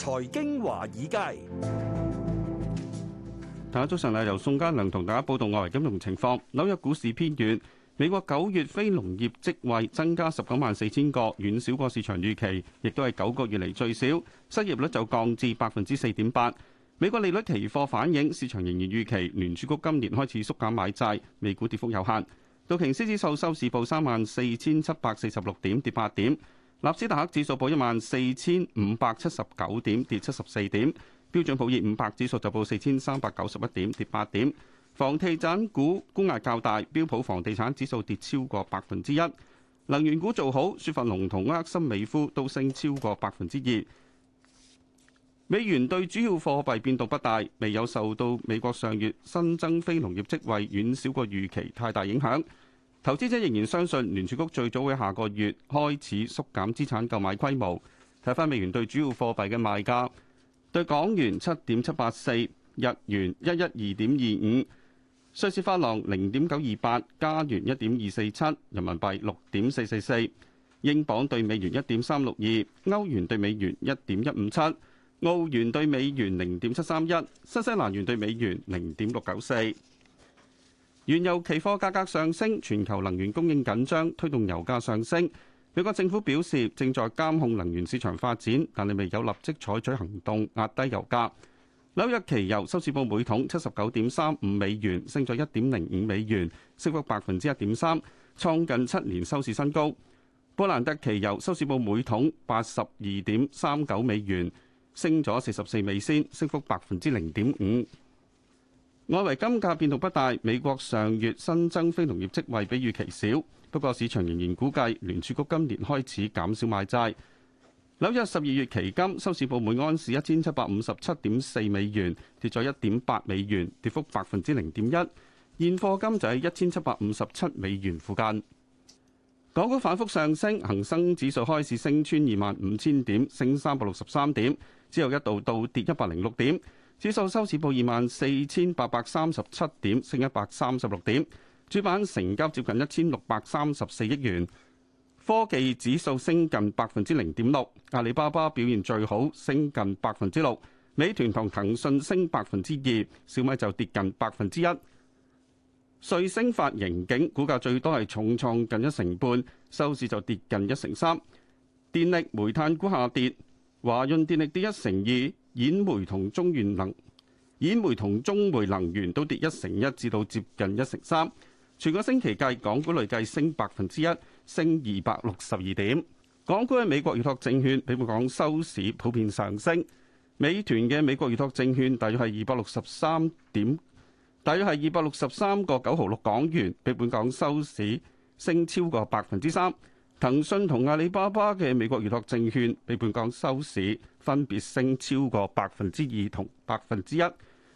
財經華爾街，大家早晨啊！由宋家良同大家報道外圍金融情況。紐約股市偏軟，美國九月非農業職位增加十九萬四千個，遠少過市場預期，亦都係九個月嚟最少。失業率就降至百分之四點八。美國利率期貨反映市場仍然預期聯儲局今年開始縮減買債，美股跌幅有限。道瓊斯指數收市報三萬四千七百四十六點，跌八點。納斯達克指數報一萬四千五百七十九點，跌七十四點；標準普爾五百指數就報四千三百九十一點，跌八點。房地產股沽壓較大，標普房地產指數跌超過百分之一。能源股做好，雪佛龍同埃克森美孚都升超過百分之二。美元對主要貨幣變動不大，未有受到美國上月新增非農業職位遠少過預期太大影響。投資者仍然相信聯儲局最早會下個月開始縮減資產購買規模。睇返美元對主要貨幣嘅賣價：對港元七點七八四，日元一一二點二五，瑞士法郎零點九二八，加元一點二四七，人民幣六點四四四，英鎊對美元一點三六二，歐元對美元一點一五七，澳元對美元零點七三一，新西蘭元對美元零點六九四。原油期貨價格上升，全球能源供應緊張推動油價上升。美國政府表示正在監控能源市場發展，但並未有立即採取行動壓低油價。紐約期油收市報每桶七十九點三五美元，升咗一點零五美元，升幅百分之一點三，創近七年收市新高。布蘭特期油收市報每桶八十二點三九美元，升咗四十四美仙，升幅百分之零點五。外圍金價變動不大，美國上月新增非農業職位比預期少，不過市場仍然估計聯儲局今年開始減少買債。紐約十二月期金收市報每安士一千七百五十七點四美元，跌咗一點八美元，跌幅百分之零點一。現貨金就喺一千七百五十七美元附近。港股反覆上升，恒生指數開始升穿二萬五千點，升三百六十三點，之後一度倒跌一百零六點。指數收市報二萬四千八百三十七點，升一百三十六點。主板成交接近一千六百三十四億元。科技指數升近百分之零點六，阿里巴巴表現最好，升近百分之六。美團同騰訊升百分之二，小米就跌近百分之一。瑞星發盈警，股價最多係重創近一成半，收市就跌近一成三。電力煤炭股下跌，華潤電力跌一成二。演煤同中源能，演煤同中煤能源都跌一成一，至到接近一成三。全個星期計，港股累計升百分之一，升二百六十二點。港股嘅美國預託證券，比本港收市普遍上升。美團嘅美國預託證券大約係二百六十三點，大約係二百六十三個九毫六港元，比本港收市升超過百分之三。騰訊同阿里巴巴嘅美國預託證券比本港收市分別升超過百分之二同百分之一，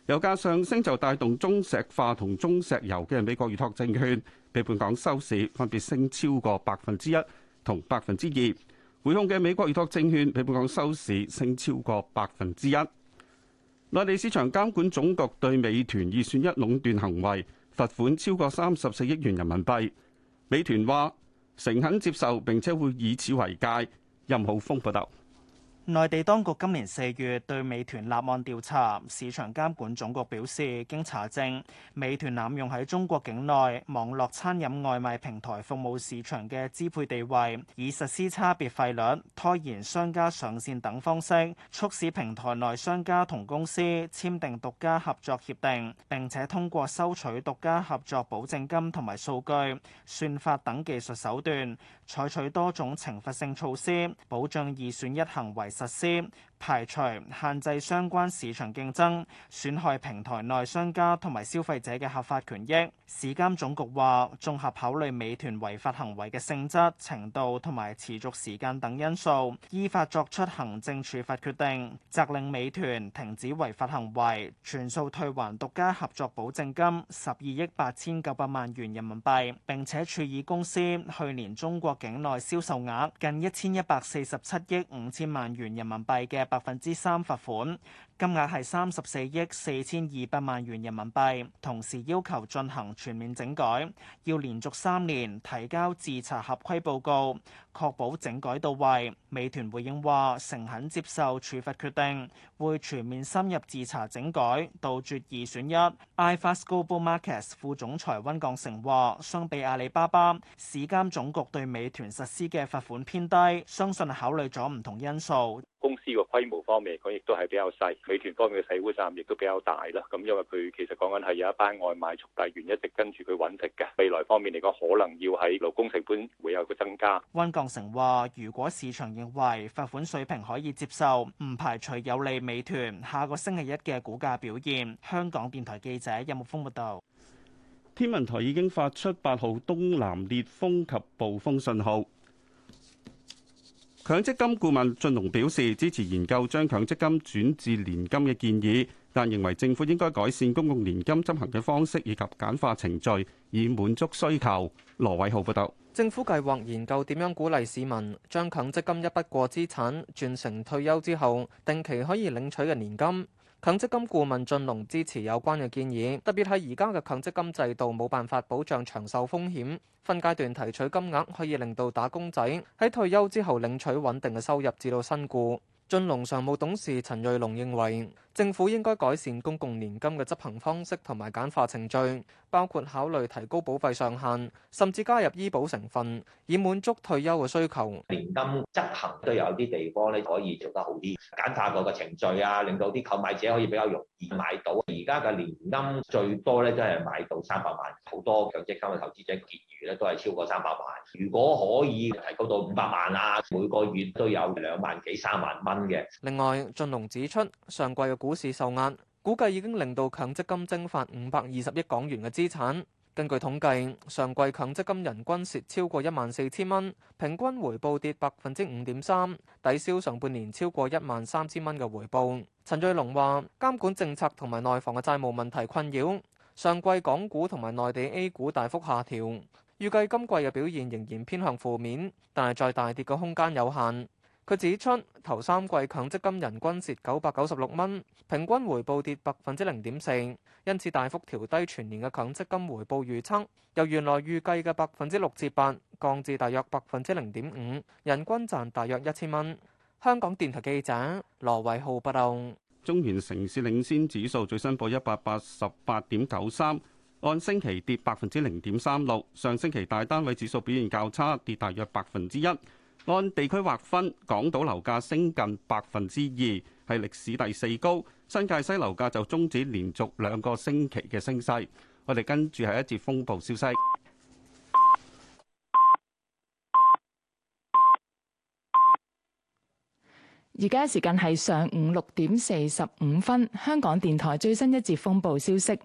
油價上升就帶動中石化同中石油嘅美國預託證券比本港收市分別升超過百分之一同百分之二。匯控嘅美國預託證券比本港收市升超過百分之一。內地市場監管總局對美團二選一壟斷行為罰款超過三十四億元人民幣。美團話。誠懇接受，並且會以此為戒。任浩峰報道。內地當局今年四月對美團立案調查，市場監管總局表示，經查證，美團濫用喺中國境內網絡餐飲外賣平台服務市場嘅支配地位，以實施差別費率、拖延商家上線等方式，促使平台內商家同公司簽訂獨家合作協定，並且通過收取獨家合作保證金同埋數據、算法等技術手段，採取多種懲罰性措施，保障二選一行為實施。排除限制相關市場競爭，損害平台內商家同埋消費者嘅合法權益。市監總局話，綜合考慮美團違法行為嘅性質、程度同埋持續時間等因素，依法作出行政處罰決定，責令美團停止違法行為，全數退還獨家合作保證金十二億八千九百萬元人民幣，並且處以公司去年中國境內銷售額近一千一百四十七億五千萬元人民幣嘅百分之三罰款，金額係三十四億四千二百萬元人民幣，同時要求進行全面整改，要連續三年提交自查合規報告，確保整改到位。美團回應話誠懇接受處罰決定，會全面深入自查整改，杜絕二選一。iFast Global Markets 副總裁温鋼成話，相比阿里巴巴，市監總局對美團實施嘅罰款偏低，相信考慮咗唔同因素。公司嘅規模方面嚟講，亦都係比較細。美團方面嘅洗污站亦都比較大啦。咁因為佢其實講緊係有一班外賣速遞員一直跟住佢揾食嘅。未來方面嚟講，可能要喺勞工成本會有個增加。温江成話，如果市場認為罰款水平可以接受，唔排除有利美團下個星期一嘅股價表現。香港電台記者任木峰報道。天文台已經發出八號東南烈風及暴風信號。強積金顧問俊龍表示支持研究將強積金轉至年金嘅建議，但認為政府應該改善公共年金執行嘅方式以及簡化程序，以滿足需求。羅偉浩報道，政府計劃研究點樣鼓勵市民將強積金一筆過資產轉成退休之後定期可以領取嘅年金。強積金顧問俊龍支持有關嘅建議，特別係而家嘅強積金制度冇辦法保障長壽風險，分階段提取金額可以令到打工仔喺退休之後領取穩定嘅收入至新，至到身故。俊龍常務董事陳瑞龍認為。政府應該改善公共年金嘅執行方式同埋簡化程序，包括考慮提高保費上限，甚至加入醫保成分，以滿足退休嘅需求。年金執行都有啲地方咧可以做得好啲，簡化個個程序啊，令到啲購買者可以比較容易買到。而家嘅年金最多咧都係買到三百萬，好多強積金嘅投資者結餘咧都係超過三百萬。如果可以提高到五百萬啊，每個月都有兩萬幾三萬蚊嘅。另外，俊龍指出上季嘅。股市受壓，估計已經令到強積金蒸發五百二十億港元嘅資產。根據統計，上季強積金人均蝕超過一萬四千蚊，平均回報跌百分之五點三，抵消上半年超過一萬三千蚊嘅回報。陳瑞龍話，監管政策同埋內房嘅債務問題困擾，上季港股同埋內地 A 股大幅下調，預計今季嘅表現仍然偏向負面，但係再大跌嘅空間有限。佢指出，頭三季強積金人均蝕九百九十六蚊，平均回報跌百分之零點四，因此大幅調低全年嘅強積金回報預測，由原來預計嘅百分之六至八，降至大約百分之零點五，人均賺大約一千蚊。香港電台記者羅偉浩報道。中原城市領先指數最新報一百八十八點九三，按星期跌百分之零點三六，上星期大單位指數表現較差，跌大約百分之一。按地區劃分，港島樓價升近百分之二，係歷史第四高。新界西樓價就終止連續兩個星期嘅升勢。我哋跟住係一節風暴消息。而家時間係上午六點四十五分，香港電台最新一節風暴消息。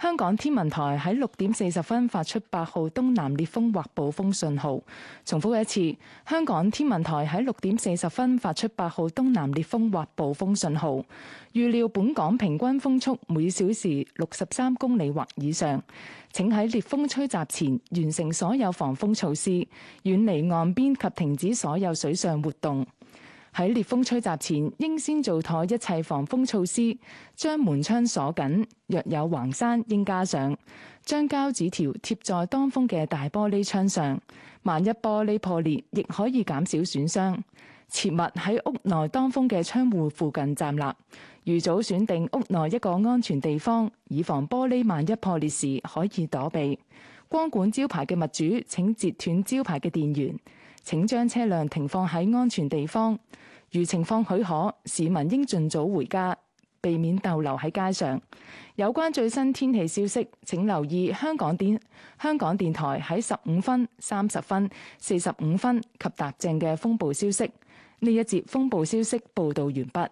香港天文台喺六點四十分發出八號東南烈風或暴風信號。重複一次，香港天文台喺六點四十分發出八號東南烈風或暴風信號。預料本港平均風速每小時六十三公里或以上。請喺烈風吹襲前完成所有防風措施，遠離岸邊及停止所有水上活動。喺烈風吹襲前，應先做妥一切防風措施，將門窗鎖緊。若有橫山，應加上將膠紙條貼在當風嘅大玻璃窗上。萬一玻璃破裂，亦可以減少損傷。切勿喺屋內當風嘅窗戶附近站立。預早選定屋內一個安全地方，以防玻璃萬一破裂時可以躲避。光管招牌嘅物主請截斷招牌嘅電源。請將車輛停放喺安全地方。如情況許可，市民應盡早回家，避免逗留喺街上。有關最新天氣消息，請留意香港電香港電台喺十五分、三十分、四十五分及踏正嘅風暴消息。呢一節風暴消息報道完畢。